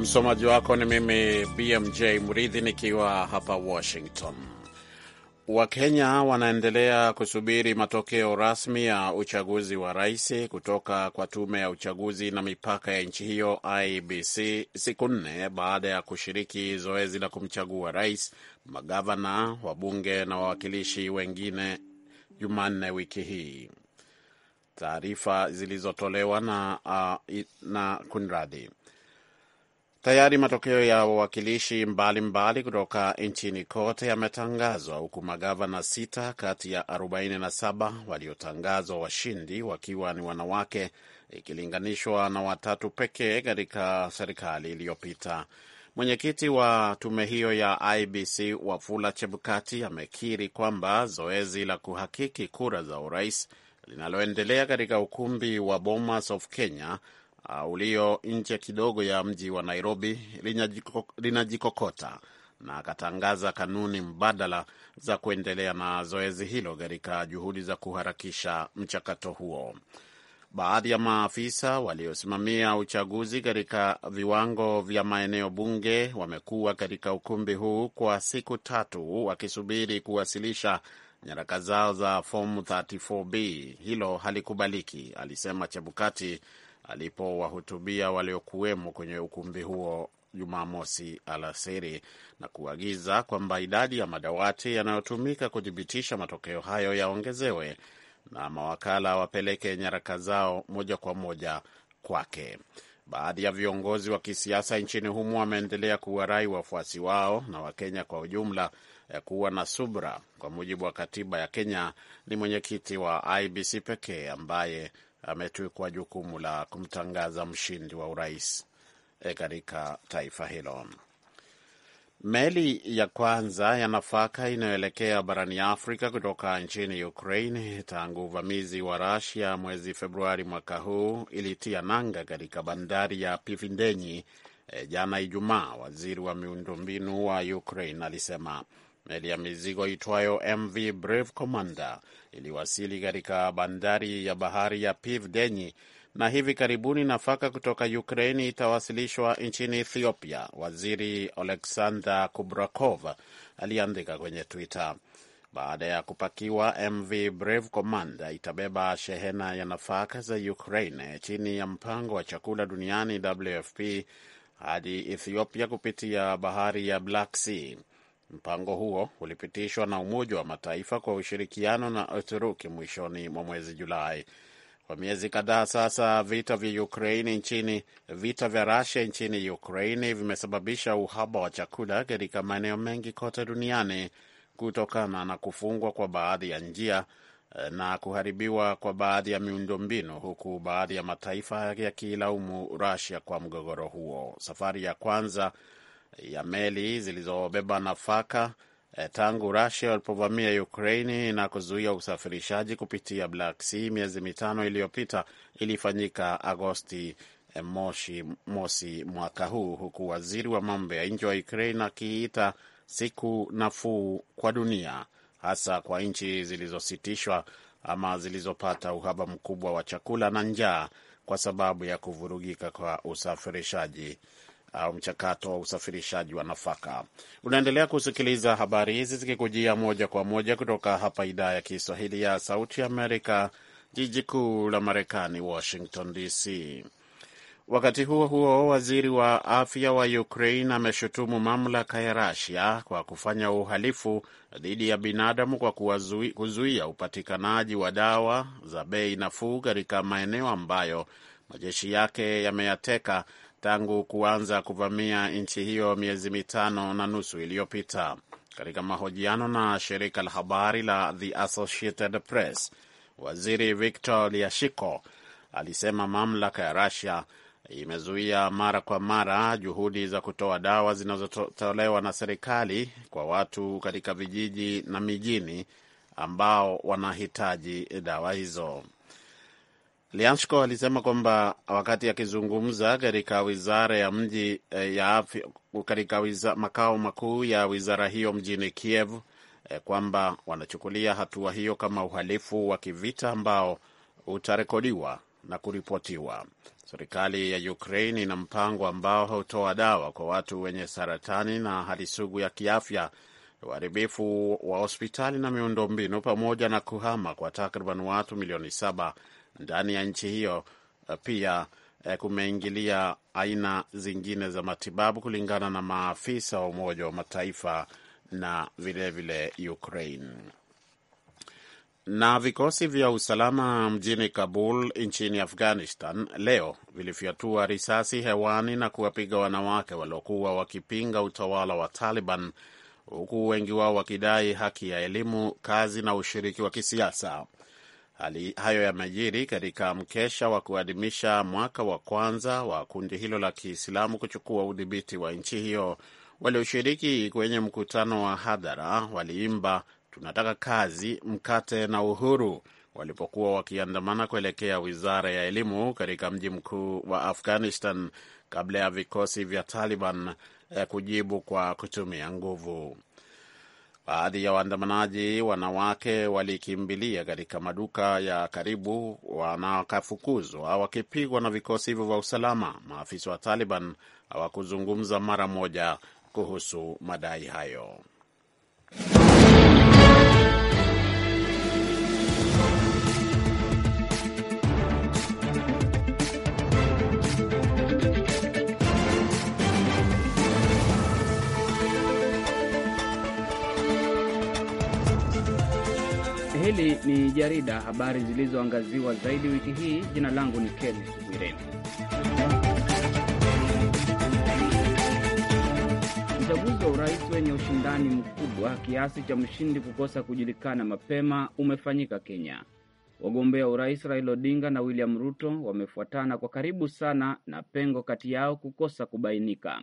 Msomaji wako ni mimi BMJ mridhi nikiwa hapa Washington. Wakenya wanaendelea kusubiri matokeo rasmi ya uchaguzi wa rais kutoka kwa tume ya uchaguzi na mipaka ya nchi hiyo IBC, siku nne baada ya kushiriki zoezi la kumchagua rais, magavana, wabunge na wawakilishi wengine Jumanne wiki hii. Taarifa zilizotolewa na, uh, na kunradi Tayari matokeo ya wawakilishi mbalimbali kutoka nchini kote yametangazwa huku magavana sita kati ya 47 waliotangazwa washindi wakiwa ni wanawake ikilinganishwa na watatu pekee katika serikali iliyopita. Mwenyekiti wa tume hiyo ya IBC Wafula Chebukati amekiri kwamba zoezi la kuhakiki kura za urais linaloendelea katika ukumbi wa Bomas of Kenya uh, ulio nje kidogo ya mji wa Nairobi linajikokota na akatangaza kanuni mbadala za kuendelea na zoezi hilo katika juhudi za kuharakisha mchakato huo. Baadhi ya maafisa waliosimamia uchaguzi katika viwango vya maeneo bunge wamekuwa katika ukumbi huu kwa siku tatu wakisubiri kuwasilisha nyaraka zao za fomu 34B. Hilo halikubaliki, alisema Chebukati, alipowahutubia waliokuwemo kwenye ukumbi huo Jumamosi alasiri na kuagiza kwamba idadi ya madawati yanayotumika kuthibitisha matokeo hayo yaongezewe na mawakala wapeleke nyaraka zao moja kwa moja kwake. Baadhi ya viongozi wa kisiasa nchini humo wameendelea kuwarai wafuasi wao na Wakenya kwa ujumla ya eh, kuwa na subra. Kwa mujibu wa katiba ya Kenya, ni mwenyekiti wa IBC pekee ambaye ametwikwa jukumu la kumtangaza mshindi wa urais e katika taifa hilo. Meli ya kwanza ya nafaka inayoelekea barani Afrika kutoka nchini Ukraine tangu uvamizi wa Rusia mwezi Februari mwaka huu ilitia nanga katika bandari ya Pivindenyi e, jana Ijumaa, waziri wa miundombinu wa Ukraine alisema meli ya mizigo itwayo MV Brave Commander iliwasili katika bandari ya bahari ya Piv Denyi, na hivi karibuni nafaka kutoka Ukraini itawasilishwa nchini Ethiopia, waziri Oleksandr Kubrakov aliandika kwenye Twitter. Baada ya kupakiwa, MV Brave Commander itabeba shehena ya nafaka za Ukraine chini ya mpango wa chakula duniani WFP hadi Ethiopia kupitia bahari ya Black Sea. Mpango huo ulipitishwa na Umoja wa Mataifa kwa ushirikiano na Uturuki mwishoni mwa mwezi Julai. Kwa miezi kadhaa sasa, vita vya Ukraini nchini vita vya Rusia nchini Ukraini vimesababisha uhaba wa chakula katika maeneo mengi kote duniani kutokana na kufungwa kwa baadhi ya njia eh, na kuharibiwa kwa baadhi ya miundombinu, huku baadhi ya mataifa yakilaumu Rusia kwa mgogoro huo. Safari ya kwanza ya meli zilizobeba nafaka eh, tangu rasia walipovamia Ukraini na kuzuia usafirishaji kupitia Black Sea miezi mitano iliyopita ilifanyika Agosti eh, moshi mosi mwaka huu, huku waziri wa mambo ya nje wa ukrain akiita siku nafuu kwa dunia, hasa kwa nchi zilizositishwa ama zilizopata uhaba mkubwa wa chakula na njaa kwa sababu ya kuvurugika kwa usafirishaji au mchakato wa usafirishaji wa nafaka. Unaendelea kusikiliza habari hizi zikikujia moja kwa moja kutoka hapa idhaa ya Kiswahili ya Sauti Amerika, jiji kuu la Marekani, Washington DC. Wakati huo huo, waziri wa afya wa Ukraine ameshutumu mamlaka ya Rasia kwa kufanya uhalifu dhidi ya binadamu kwa kuzuia upatikanaji wa dawa za bei nafuu katika maeneo ambayo majeshi yake yameyateka tangu kuanza kuvamia nchi hiyo miezi mitano na nusu iliyopita. Katika mahojiano na shirika la habari la The Associated Press, waziri Victor Liashiko alisema mamlaka ya Russia imezuia mara kwa mara juhudi za kutoa dawa zinazotolewa na serikali kwa watu katika vijiji na mijini ambao wanahitaji dawa hizo. Lianshko alisema kwamba wakati akizungumza katika wizara ya mji eh, ya afya katika makao makuu ya wizara hiyo mjini Kiev eh, kwamba wanachukulia hatua hiyo kama uhalifu wa kivita ambao utarekodiwa na kuripotiwa. Serikali ya Ukraine ina mpango ambao hutoa dawa kwa watu wenye saratani na hali sugu ya kiafya, uharibifu wa hospitali na miundombinu, pamoja na kuhama kwa takriban watu milioni saba ndani ya nchi hiyo eh, pia eh, kumeingilia aina zingine za matibabu kulingana na maafisa wa Umoja wa Mataifa na vilevile vile Ukraine. Na vikosi vya usalama mjini Kabul nchini Afghanistan leo vilifyatua risasi hewani na kuwapiga wanawake waliokuwa wakipinga utawala wa Taliban, huku wengi wao wakidai haki ya elimu, kazi na ushiriki wa kisiasa. Hali hayo yamejiri katika mkesha wa kuadhimisha mwaka wa kwanza wa kundi hilo la Kiislamu kuchukua udhibiti wa nchi hiyo. Walioshiriki kwenye mkutano wa hadhara waliimba tunataka kazi, mkate na uhuru walipokuwa wakiandamana kuelekea wizara ya elimu katika mji mkuu wa Afghanistan kabla ya vikosi vya Taliban eh, kujibu kwa kutumia nguvu. Baadhi ya waandamanaji wanawake walikimbilia katika maduka ya karibu, wanakafukuzwa wakipigwa na vikosi hivyo vya usalama. Maafisa wa Taliban hawakuzungumza mara moja kuhusu madai hayo. Hili ni jarida habari zilizoangaziwa zaidi wiki hii. Jina langu ni Kenneth Bwire. Uchaguzi wa urais wenye ushindani mkubwa kiasi cha mshindi kukosa kujulikana mapema umefanyika Kenya. Wagombea urais Raila Odinga na William Ruto wamefuatana kwa karibu sana na pengo kati yao kukosa kubainika.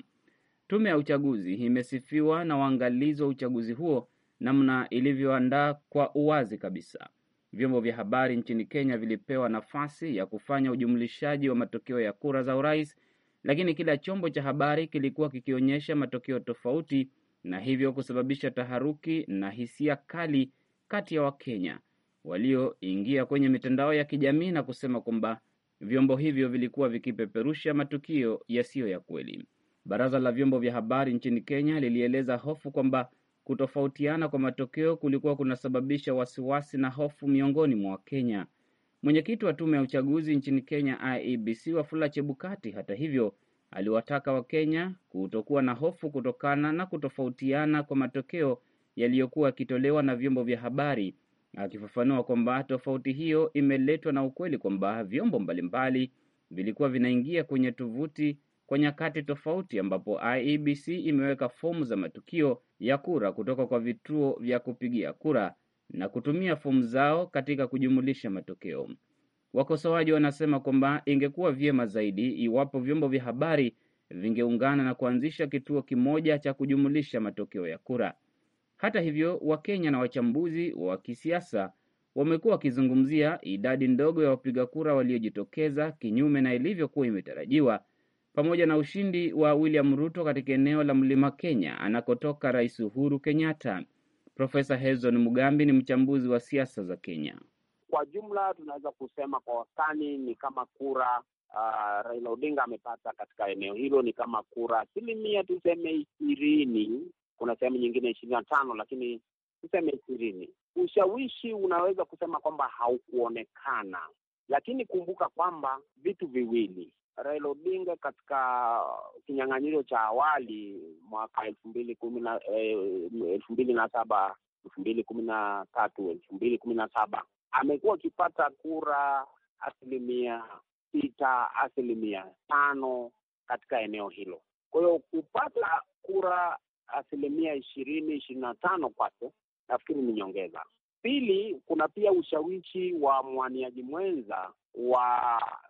Tume ya uchaguzi imesifiwa na waangalizi wa uchaguzi huo namna ilivyoandaa kwa uwazi kabisa. Vyombo vya habari nchini Kenya vilipewa nafasi ya kufanya ujumlishaji wa matokeo ya kura za urais, lakini kila chombo cha habari kilikuwa kikionyesha matokeo tofauti, na hivyo kusababisha taharuki na hisia kali kati ya Wakenya walioingia kwenye mitandao ya kijamii na kusema kwamba vyombo hivyo vilikuwa vikipeperusha matukio yasiyo ya kweli. Baraza la vyombo vya habari nchini Kenya lilieleza hofu kwamba Kutofautiana kwa matokeo kulikuwa kunasababisha wasiwasi na hofu miongoni mwa Wakenya. Mwenyekiti wa tume ya uchaguzi nchini Kenya, IEBC, Wafula Chebukati, hata hivyo, aliwataka Wakenya kutokuwa na hofu kutokana na kutofautiana kwa matokeo yaliyokuwa yakitolewa na vyombo vya habari, akifafanua kwamba tofauti hiyo imeletwa na ukweli kwamba vyombo mbalimbali vilikuwa vinaingia kwenye tovuti kwa nyakati tofauti, ambapo IEBC imeweka fomu za matukio ya kura kutoka kwa vituo vya kupigia kura na kutumia fomu zao katika kujumulisha matokeo. Wakosoaji wanasema kwamba ingekuwa vyema zaidi iwapo vyombo vya habari vingeungana na kuanzisha kituo kimoja cha kujumulisha matokeo ya kura. Hata hivyo, Wakenya na wachambuzi wa kisiasa wamekuwa wakizungumzia idadi ndogo ya wapiga kura waliojitokeza, kinyume na ilivyokuwa imetarajiwa pamoja na ushindi wa William Ruto katika eneo la Mlima Kenya anakotoka Rais Uhuru Kenyatta. Profesa hezon Mugambi ni mchambuzi wa siasa za Kenya. Kwa jumla tunaweza kusema kwa wastani ni kama kura uh, Raila Odinga amepata katika eneo hilo ni kama kura asilimia tuseme ishirini, kuna sehemu nyingine ishirini na tano, lakini tuseme ishirini. Ushawishi unaweza kusema kwamba haukuonekana, lakini kumbuka kwamba vitu viwili Raila Odinga katika kinyang'anyiro cha awali mwaka elfu mbili kumi na eh, elfu mbili na saba elfu mbili kumi na tatu elfu mbili kumi na saba amekuwa akipata kura asilimia sita asilimia tano katika eneo hilo. Kwa hiyo kupata kura asilimia ishirini ishirini na tano kwake nafikiri ni nyongeza. Pili, kuna pia ushawishi wa mwaniaji mwenza wa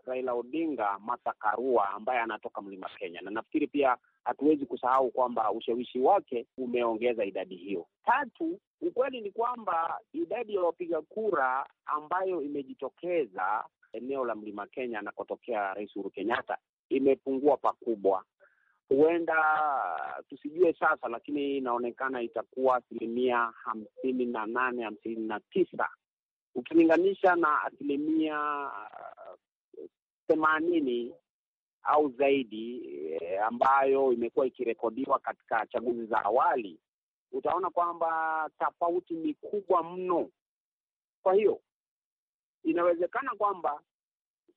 Raila Odinga, Martha Karua ambaye anatoka mlima Kenya, na nafikiri pia hatuwezi kusahau kwamba ushawishi wake umeongeza idadi hiyo. Tatu, ukweli ni kwamba idadi ya wapiga kura ambayo imejitokeza eneo la mlima Kenya anakotokea Rais Uhuru Kenyatta imepungua pakubwa huenda tusijue sasa, lakini inaonekana itakuwa asilimia hamsini na nane hamsini na tisa ukilinganisha na asilimia uh, themanini au zaidi eh, ambayo imekuwa ikirekodiwa katika chaguzi za awali. Utaona kwamba tofauti ni kubwa mno. Kwa hiyo inawezekana kwamba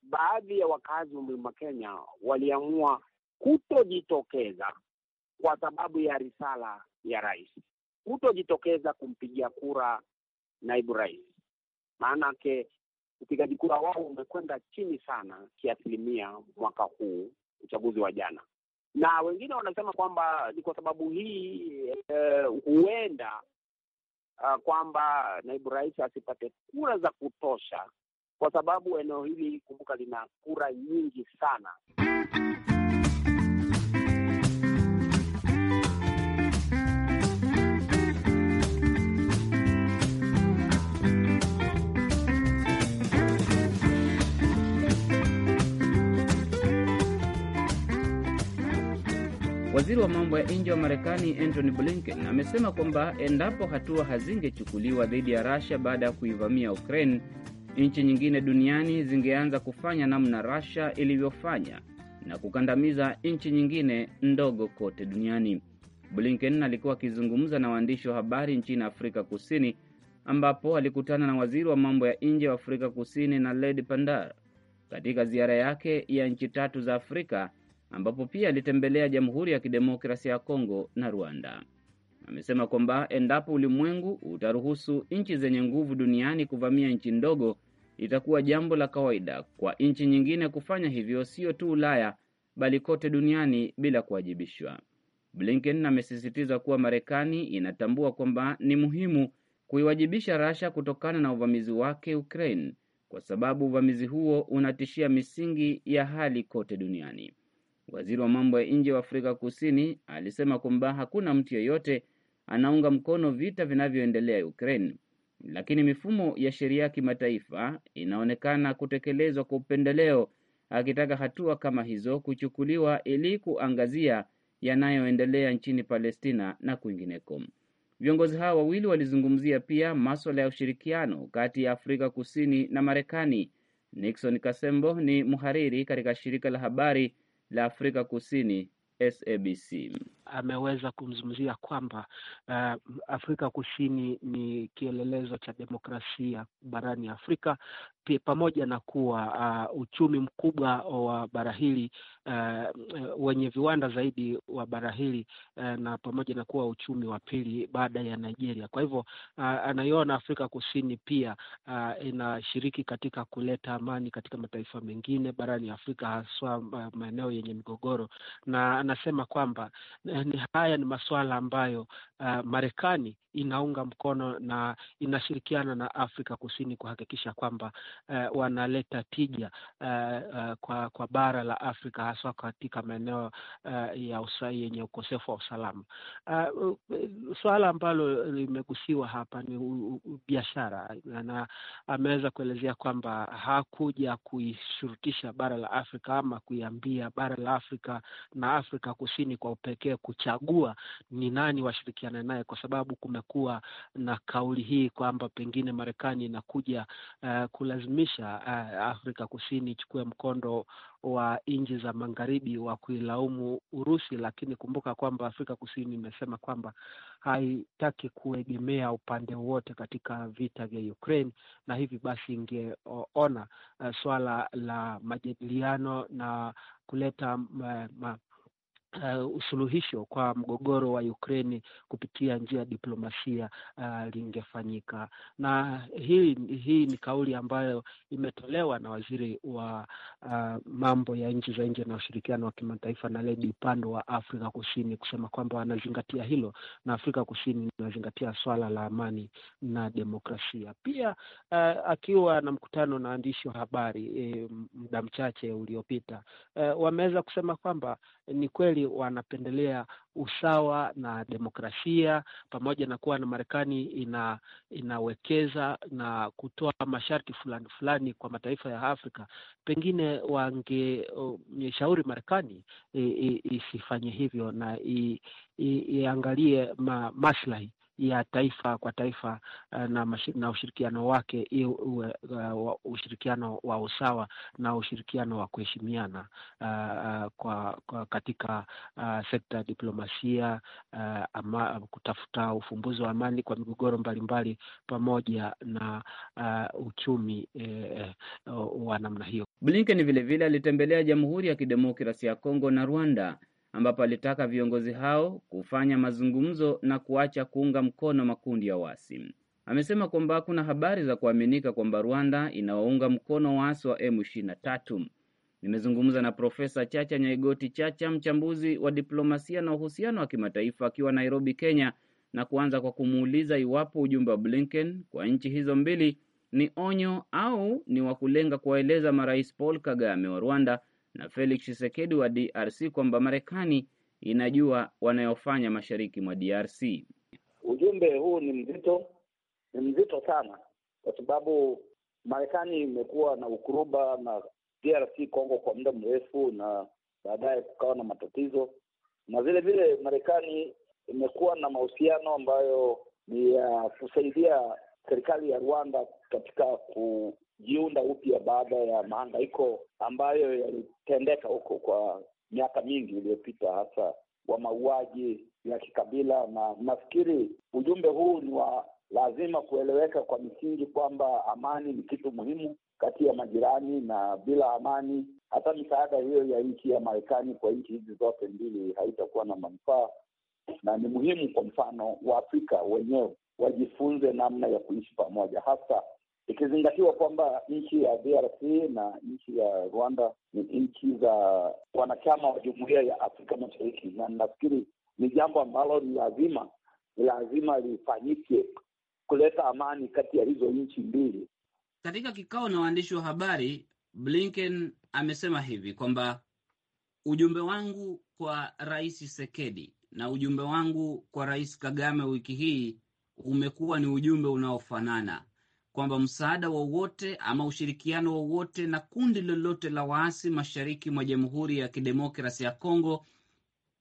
baadhi ya wakazi wa mlima Kenya waliamua kutojitokeza kwa sababu ya risala ya rais, kutojitokeza kumpigia kura naibu rais. Maanake upigaji kura wao umekwenda chini sana kiasilimia mwaka huu, uchaguzi wa jana, na wengine wanasema kwamba ni kwa sababu hii eh, huenda uh, uh, kwamba naibu rais asipate kura za kutosha, kwa sababu eneo hili kumbuka, lina kura nyingi sana Waziri wa mambo ya nje wa Marekani Antony Blinken amesema kwamba endapo hatua hazingechukuliwa dhidi ya Russia baada ya kuivamia Ukraine, nchi nyingine duniani zingeanza kufanya namna Russia ilivyofanya na kukandamiza nchi nyingine ndogo kote duniani. Blinken alikuwa akizungumza na waandishi wa habari nchini Afrika Kusini ambapo alikutana na waziri wa mambo ya nje wa Afrika Kusini na led Pandor katika ziara yake ya nchi tatu za Afrika ambapo pia alitembelea Jamhuri ya Kidemokrasia ya Kongo na Rwanda. Amesema kwamba endapo ulimwengu utaruhusu nchi zenye nguvu duniani kuvamia nchi ndogo, itakuwa jambo la kawaida kwa nchi nyingine kufanya hivyo, sio tu Ulaya bali kote duniani bila kuwajibishwa. Blinken amesisitiza kuwa Marekani inatambua kwamba ni muhimu kuiwajibisha Rasha kutokana na uvamizi wake Ukraine, kwa sababu uvamizi huo unatishia misingi ya hali kote duniani. Waziri wa mambo ya nje wa Afrika Kusini alisema kwamba hakuna mtu yeyote anaunga mkono vita vinavyoendelea Ukraine, lakini mifumo ya sheria ya kimataifa inaonekana kutekelezwa kwa upendeleo, akitaka hatua kama hizo kuchukuliwa ili kuangazia yanayoendelea nchini Palestina na kwingineko. Viongozi hao wawili walizungumzia pia maswala ya ushirikiano kati ya Afrika Kusini na Marekani. Nixon Kasembo ni mhariri katika shirika la habari la Afrika Kusini SABC ameweza kumzungumzia kwamba uh, Afrika Kusini ni kielelezo cha demokrasia barani Afrika pamoja na kuwa uh, uchumi mkubwa wa bara hili uh, wenye viwanda zaidi wa bara hili uh, na pamoja na kuwa uchumi wa pili baada ya Nigeria. Kwa hivyo uh, anaiona Afrika Kusini pia uh, inashiriki katika kuleta amani katika mataifa mengine barani Afrika, haswa maeneo yenye migogoro, na anasema kwamba ni haya ni masuala ambayo uh, Marekani inaunga mkono na inashirikiana na Afrika Kusini kuhakikisha kwamba uh, wanaleta tija uh, uh, kwa, kwa bara la Afrika haswa katika maeneo uh, ya usai yenye ukosefu wa usalama. Uh, uh, suala ambalo limegusiwa hapa ni biashara, na ameweza kuelezea kwamba hakuja kuishurutisha bara la Afrika ama kuiambia bara la Afrika na Afrika Kusini kwa upekee kuchagua ni nani washirikiana kukubaliana naye, kwa sababu kumekuwa na kauli hii kwamba pengine Marekani inakuja uh, kulazimisha uh, Afrika Kusini ichukue mkondo wa nchi za magharibi wa kuilaumu Urusi, lakini kumbuka kwamba Afrika Kusini imesema kwamba haitaki kuegemea upande wote katika vita vya Ukraine, na hivi basi ingeona uh, swala la majadiliano na kuleta uh, ma, uh, usuluhisho kwa mgogoro wa Ukraini kupitia njia ya diplomasia uh, lingefanyika. Na hii hii ni kauli ambayo imetolewa na waziri wa uh, mambo ya nchi za nje na ushirikiano wa kimataifa na Naledi Pandor wa Afrika Kusini kusema kwamba wanazingatia hilo na Afrika Kusini inazingatia swala la amani na demokrasia pia. Uh, akiwa na mkutano na waandishi wa habari e, muda mchache uliopita, uh, wameweza kusema kwamba ni kweli wanapendelea usawa na demokrasia pamoja na kuwa na Marekani ina inawekeza na kutoa masharti fulani fulani kwa mataifa ya Afrika, pengine wangeshauri Marekani isifanye hivyo na iangalie maslahi ya taifa kwa taifa eh, na, na ushirikiano wake iwe uh, ushirikiano wa usawa na ushirikiano wa kuheshimiana uh, kwa, kwa katika uh, sekta ya diplomasia uh, ama, kutafuta ufumbuzi wa amani kwa migogoro mbalimbali pamoja na uh, uchumi eh, uh, wa namna hiyo. Blinken vilevile alitembelea Jamhuri ya Kidemokrasia ya Kongo na Rwanda ambapo alitaka viongozi hao kufanya mazungumzo na kuacha kuunga mkono makundi ya waasi. Amesema kwamba kuna habari za kuaminika kwamba Rwanda inawaunga mkono waasi wa M23. Nimezungumza na Profesa Chacha Nyaigoti Chacha, mchambuzi wa diplomasia na uhusiano wa kimataifa, akiwa Nairobi, Kenya, na kuanza kwa kumuuliza iwapo ujumbe wa Blinken kwa nchi hizo mbili ni onyo au ni wa kulenga kuwaeleza marais Paul Kagame wa Rwanda na Felix chisekedi wa DRC kwamba Marekani inajua wanayofanya mashariki mwa DRC. Ujumbe huu ni mzito, ni mzito sana, kwa sababu Marekani imekuwa na ukuruba na DRC Kongo kwa muda mrefu, na baadaye kukawa na matatizo, na vile vile Marekani imekuwa na mahusiano ambayo ni ya kusaidia serikali ya Rwanda katika ku kujiunda upya baada ya mahangaiko ambayo yalitendeka huko kwa miaka mingi iliyopita, hasa wa mauaji ya kikabila. Na nafikiri ujumbe huu ni wa lazima kueleweka kwa misingi kwamba amani ni kitu muhimu kati ya majirani, na bila amani hata misaada hiyo ya nchi ya Marekani kwa nchi hizi zote mbili haitakuwa na manufaa, na ni muhimu, kwa mfano, Waafrika wenyewe wajifunze namna ya kuishi pamoja, hasa ikizingatiwa kwamba nchi ya DRC na nchi ya Rwanda ni nchi za wanachama wa jumuiya ya Afrika Mashariki, na nafikiri ni jambo ambalo ni lazima ni lazima lifanyike kuleta amani kati ya hizo nchi mbili. Katika kikao na waandishi wa habari, Blinken amesema hivi kwamba ujumbe wangu kwa Rais sekedi na ujumbe wangu kwa Rais Kagame wiki hii umekuwa ni ujumbe unaofanana kwamba msaada wowote ama ushirikiano wowote na kundi lolote la waasi mashariki mwa Jamhuri ya Kidemokrasi ya Kongo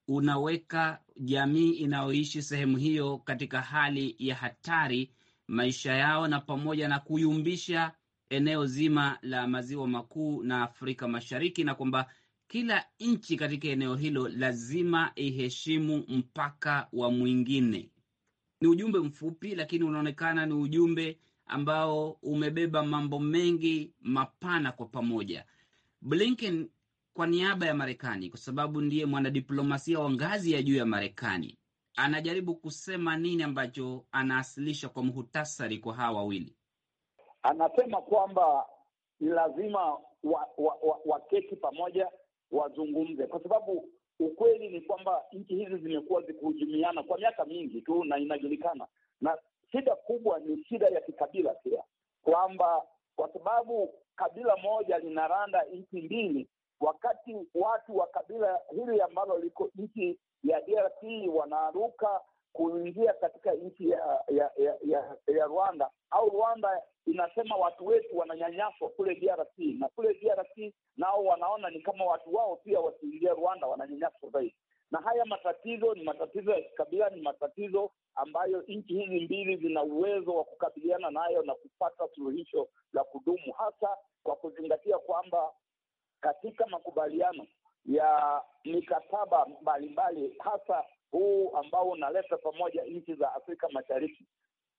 unaweka jamii inayoishi sehemu hiyo katika hali ya hatari maisha yao, na pamoja na kuyumbisha eneo zima la maziwa makuu na Afrika Mashariki, na kwamba kila nchi katika eneo hilo lazima iheshimu mpaka wa mwingine. Ni ujumbe mfupi, lakini unaonekana ni ujumbe ambao umebeba mambo mengi mapana kwa pamoja. Blinken kwa niaba ya Marekani, kwa sababu ndiye mwanadiplomasia wa ngazi ya juu ya Marekani, anajaribu kusema nini ambacho anaasilisha kwa muhtasari kwa hawa wawili? Anasema kwamba ni lazima waketi wa, wa, wa pamoja wazungumze, kwa sababu ukweli ni kwamba nchi hizi zimekuwa zikihujumiana kwa miaka mingi tu na inajulikana, na Shida kubwa ni shida ya kikabila pia, kwamba kwa sababu kabila moja linaranda nchi mbili, wakati watu wa kabila hili ambalo liko nchi ya DRC wanaruka kuingia katika nchi ya ya, ya ya ya Rwanda au Rwanda inasema watu wetu wananyanyaswa kule DRC, na kule DRC nao wanaona ni kama watu wao pia wakiingia Rwanda wananyanyaswa zaidi na haya matatizo ni matatizo ya kikabila, ni matatizo ambayo nchi hizi mbili zina uwezo wa kukabiliana nayo na kupata suluhisho la kudumu, hasa kwa kuzingatia kwamba katika makubaliano ya mikataba mbalimbali, hasa huu ambao unaleta pamoja nchi za Afrika Mashariki,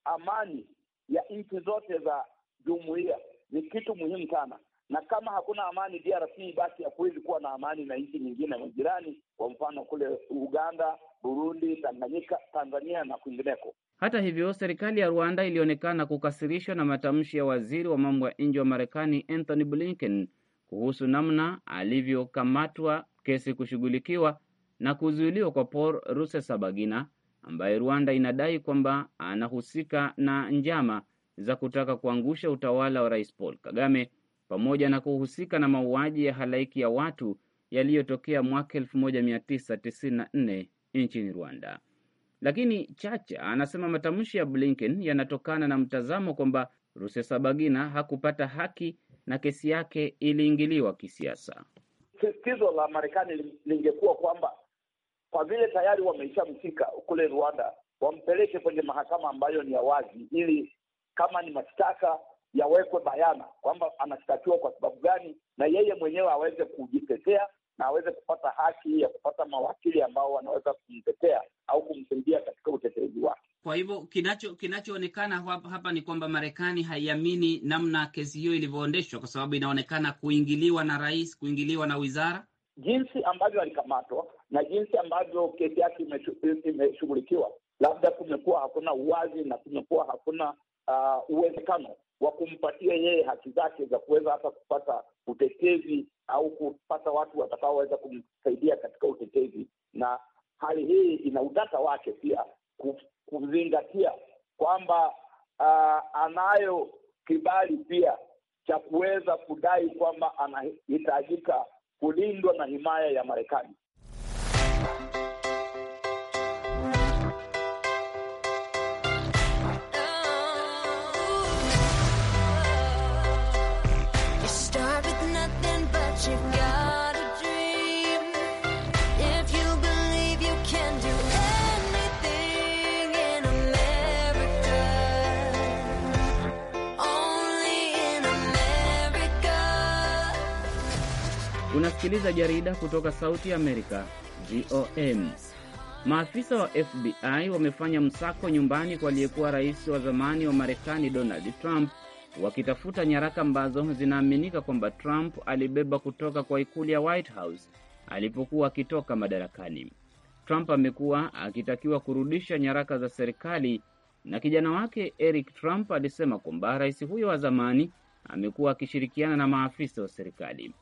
amani ya nchi zote za jumuiya ni kitu muhimu sana na kama hakuna amani DRC, basi hakuwezi kuwa na amani na nchi nyingine majirani, kwa mfano kule Uganda, Burundi, Tanganyika, Tanzania na kwingineko. Hata hivyo, serikali ya Rwanda ilionekana kukasirishwa na matamshi ya waziri wa mambo ya nje wa Marekani Anthony Blinken kuhusu namna alivyokamatwa, kesi kushughulikiwa na kuzuiliwa kwa Paul Rusesabagina ambaye Rwanda inadai kwamba anahusika na njama za kutaka kuangusha utawala wa Rais Paul Kagame pamoja na kuhusika na mauaji ya halaiki ya watu yaliyotokea mwaka 1994 nchini Rwanda. Lakini Chacha anasema matamshi ya Blinken yanatokana na mtazamo kwamba Rusesabagina hakupata haki na kesi yake iliingiliwa kisiasa. Sisitizo la Marekani lingekuwa kwamba kwa vile tayari wameishamshika kule Rwanda, wampeleke kwenye mahakama ambayo ni ya wazi, ili kama ni mashtaka yawekwe bayana kwamba anashtakiwa kwa sababu gani, na yeye mwenyewe aweze kujitetea na aweze kupata haki ya kupata mawakili ambao wanaweza kumtetea au kumsaidia katika utetezi wake. Kwa hivyo kinacho kinachoonekana hapa ni kwamba Marekani haiamini namna kesi hiyo ilivyoondeshwa, kwa sababu inaonekana kuingiliwa na rais, kuingiliwa na wizara, jinsi ambavyo alikamatwa na jinsi ambavyo kesi yake imeshughulikiwa. Labda kumekuwa hakuna uwazi na kumekuwa hakuna uh, uwezekano wa kumpatia yeye haki zake za kuweza hata kupata utetezi au kupata watu watakaoweza kumsaidia katika utetezi. Na hali hii ina utata wake pia kuzingatia kwamba uh, anayo kibali pia cha kuweza kudai kwamba anahitajika kulindwa na himaya ya Marekani. Unasikiliza jarida kutoka Sauti ya Amerika, GOM. Maafisa wa FBI wamefanya msako nyumbani kwa aliyekuwa rais wa zamani wa Marekani Donald Trump wakitafuta nyaraka ambazo zinaaminika kwamba Trump alibeba kutoka kwa ikulu ya White House alipokuwa akitoka madarakani. Trump amekuwa akitakiwa kurudisha nyaraka za serikali, na kijana wake Eric Trump alisema kwamba rais huyo wa zamani amekuwa akishirikiana na maafisa wa serikali.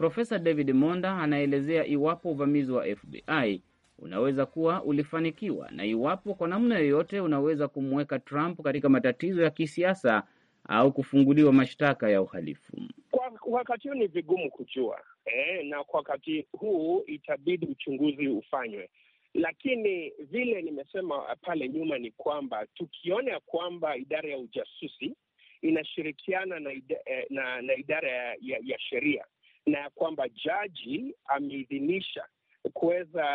Profesa David Monda anaelezea iwapo uvamizi wa FBI unaweza kuwa ulifanikiwa na iwapo kwa namna yoyote unaweza kumweka Trump katika matatizo ya kisiasa au kufunguliwa mashtaka ya uhalifu. Kwa wakati huu ni vigumu kujua eh, na kwa wakati huu itabidi uchunguzi ufanywe, lakini vile nimesema pale nyuma ni kwamba tukiona kwamba idara ya ujasusi inashirikiana na, ida, eh, na, na idara ya, ya sheria na ya kwamba jaji ameidhinisha kuweza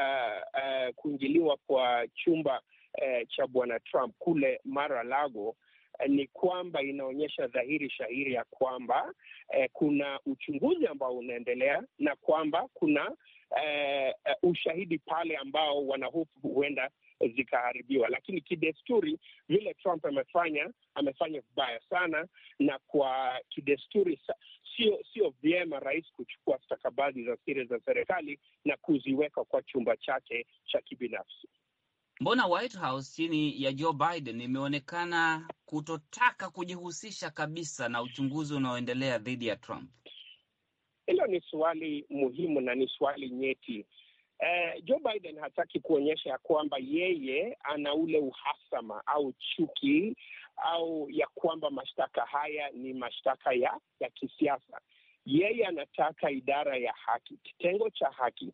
uh, kuingiliwa kwa chumba uh, cha bwana Trump kule mara lago eh, ni kwamba inaonyesha dhahiri shahiri ya kwamba eh, kuna uchunguzi ambao unaendelea na kwamba kuna uh, ushahidi pale ambao wanahofu huenda zikaharibiwa. Lakini kidesturi, vile Trump amefanya, amefanya vibaya sana, na kwa kidesturi sio sio vyema rais kuchukua stakabadhi za siri za serikali na kuziweka kwa chumba chake cha kibinafsi. Mbona White House chini ya Joe Biden imeonekana kutotaka kujihusisha kabisa na uchunguzi unaoendelea dhidi ya Trump? Hilo ni swali muhimu na ni swali nyeti. Eh, Joe Biden hataki kuonyesha ya kwamba yeye ana ule uhasama au chuki au ya kwamba mashtaka haya ni mashtaka ya, ya kisiasa. Yeye anataka idara ya haki, kitengo cha haki,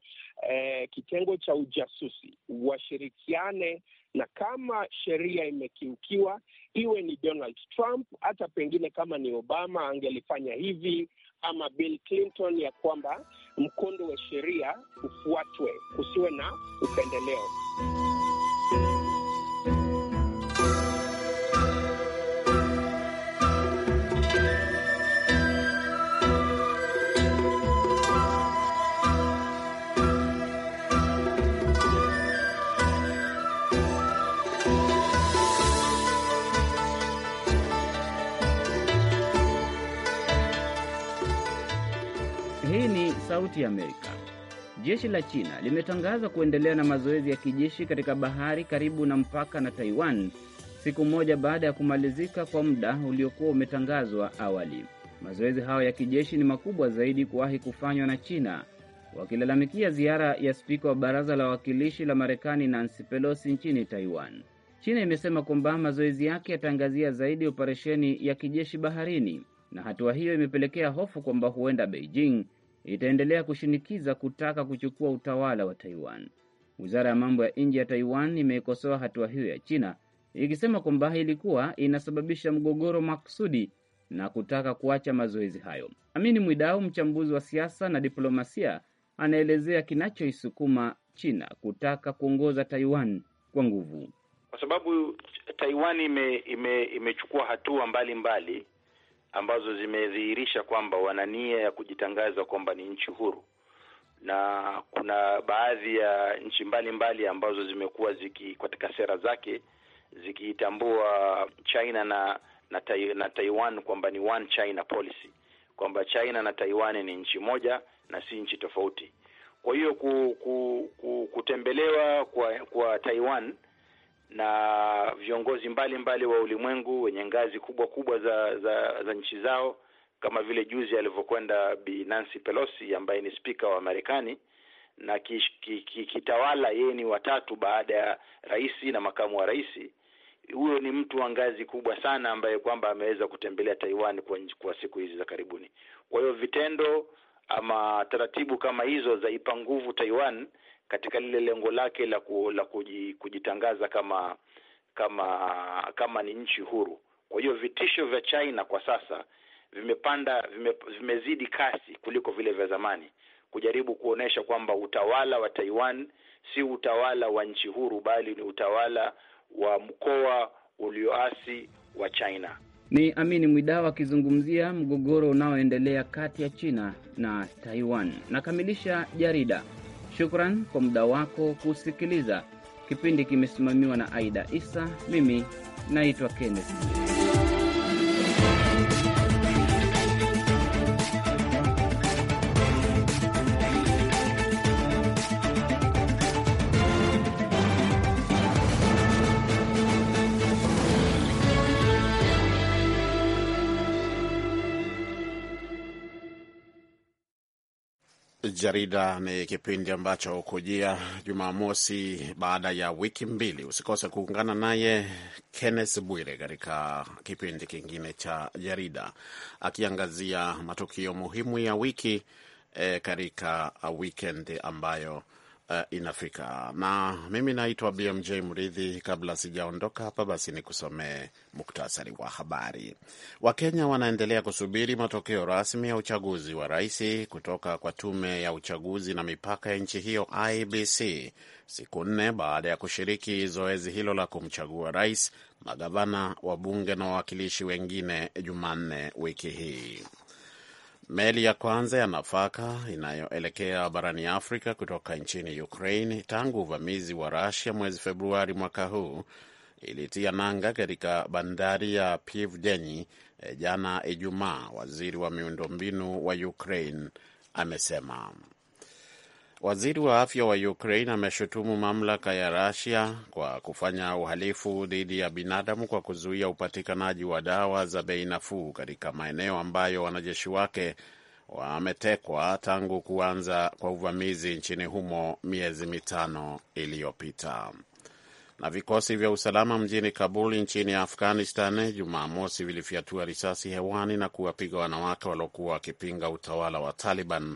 eh, kitengo cha ujasusi washirikiane, na kama sheria imekiukiwa, iwe ni Donald Trump, hata pengine kama ni Obama angelifanya hivi ama Bill Clinton ya kwamba mkondo wa sheria ufuatwe, kusiwe na upendeleo. Sauti ya Amerika. Jeshi la China limetangaza kuendelea na mazoezi ya kijeshi katika bahari karibu na mpaka na Taiwan siku moja baada ya kumalizika kwa muda uliokuwa umetangazwa awali. Mazoezi hayo ya kijeshi ni makubwa zaidi kuwahi kufanywa na China, wakilalamikia ziara ya spika wa baraza la wawakilishi la Marekani Nancy Pelosi nchini Taiwan. China imesema kwamba mazoezi yake yataangazia zaidi operesheni ya kijeshi baharini, na hatua hiyo imepelekea hofu kwamba huenda Beijing itaendelea kushinikiza kutaka kuchukua utawala wa Taiwan. Wizara ya mambo ya nje ya Taiwan imeikosoa hatua hiyo ya China ikisema kwamba ilikuwa inasababisha mgogoro makusudi na kutaka kuacha mazoezi hayo. Amini Mwidau, mchambuzi wa siasa na diplomasia, anaelezea kinachoisukuma China kutaka kuongoza Taiwan kwa nguvu, kwa sababu Taiwan ime, ime, imechukua hatua mbalimbali mbali ambazo zimedhihirisha kwamba wana nia ya kujitangaza kwamba ni nchi huru, na kuna baadhi ya nchi mbalimbali ambazo zimekuwa ziki katika sera zake zikiitambua China na na, tai, na Taiwan kwamba ni one China policy kwamba China na Taiwan ni nchi moja na si nchi tofauti. Kwa hiyo ku, ku, ku, kutembelewa kwa, kwa Taiwan na viongozi mbalimbali mbali wa ulimwengu wenye ngazi kubwa kubwa za za, za nchi zao kama vile juzi alivyokwenda Bi Nancy Pelosi ambaye ni spika wa Marekani na kitawala ki, ki, yeye ni watatu baada ya rais na makamu wa rais. Huyo ni mtu wa ngazi kubwa sana ambaye kwamba ameweza kutembelea Taiwan kwa, kwa siku hizi za karibuni. Kwa hiyo vitendo ama taratibu kama hizo za ipa nguvu Taiwan katika lile lengo lake la, ku, la kujitangaza kama kama kama ni nchi huru. Kwa hiyo vitisho vya China kwa sasa vimepanda vime, vimezidi kasi kuliko vile vya zamani, kujaribu kuonesha kwamba utawala wa Taiwan si utawala wa nchi huru, bali ni utawala wa mkoa ulioasi wa China. Ni Amini Mwidawa akizungumzia mgogoro unaoendelea kati ya China na Taiwan. Nakamilisha jarida. Shukran kwa muda wako kusikiliza. Kipindi kimesimamiwa na Aida Isa. Mimi naitwa Kenneth. Jarida ni kipindi ambacho hukujia Jumamosi baada ya wiki mbili. Usikose kuungana naye Kenneth Bwire katika kipindi kingine cha Jarida akiangazia matukio muhimu ya wiki e, katika weekend ambayo uh, inafika. Na mimi naitwa BMJ Mridhi. Kabla sijaondoka hapa, basi nikusomee muktasari wa habari. Wakenya wanaendelea kusubiri matokeo rasmi ya uchaguzi wa rais kutoka kwa tume ya uchaguzi na mipaka ya nchi hiyo IBC, siku nne baada ya kushiriki zoezi hilo la kumchagua rais, magavana, wabunge na wawakilishi wengine Jumanne wiki hii. Meli ya kwanza ya nafaka inayoelekea barani Afrika kutoka nchini Ukraine tangu uvamizi wa Rusia mwezi Februari mwaka huu ilitia nanga katika bandari ya Pivdeni eh, jana Ijumaa, waziri wa miundombinu wa Ukraine amesema. Waziri wa afya wa Ukraine ameshutumu mamlaka ya Rusia kwa kufanya uhalifu dhidi ya binadamu kwa kuzuia upatikanaji wa dawa za bei nafuu katika maeneo ambayo wanajeshi wake wametekwa tangu kuanza kwa uvamizi nchini humo miezi mitano iliyopita. Na vikosi vya usalama mjini Kabul nchini Afghanistan Jumamosi vilifyatua risasi hewani na kuwapiga wanawake waliokuwa wakipinga utawala wa Taliban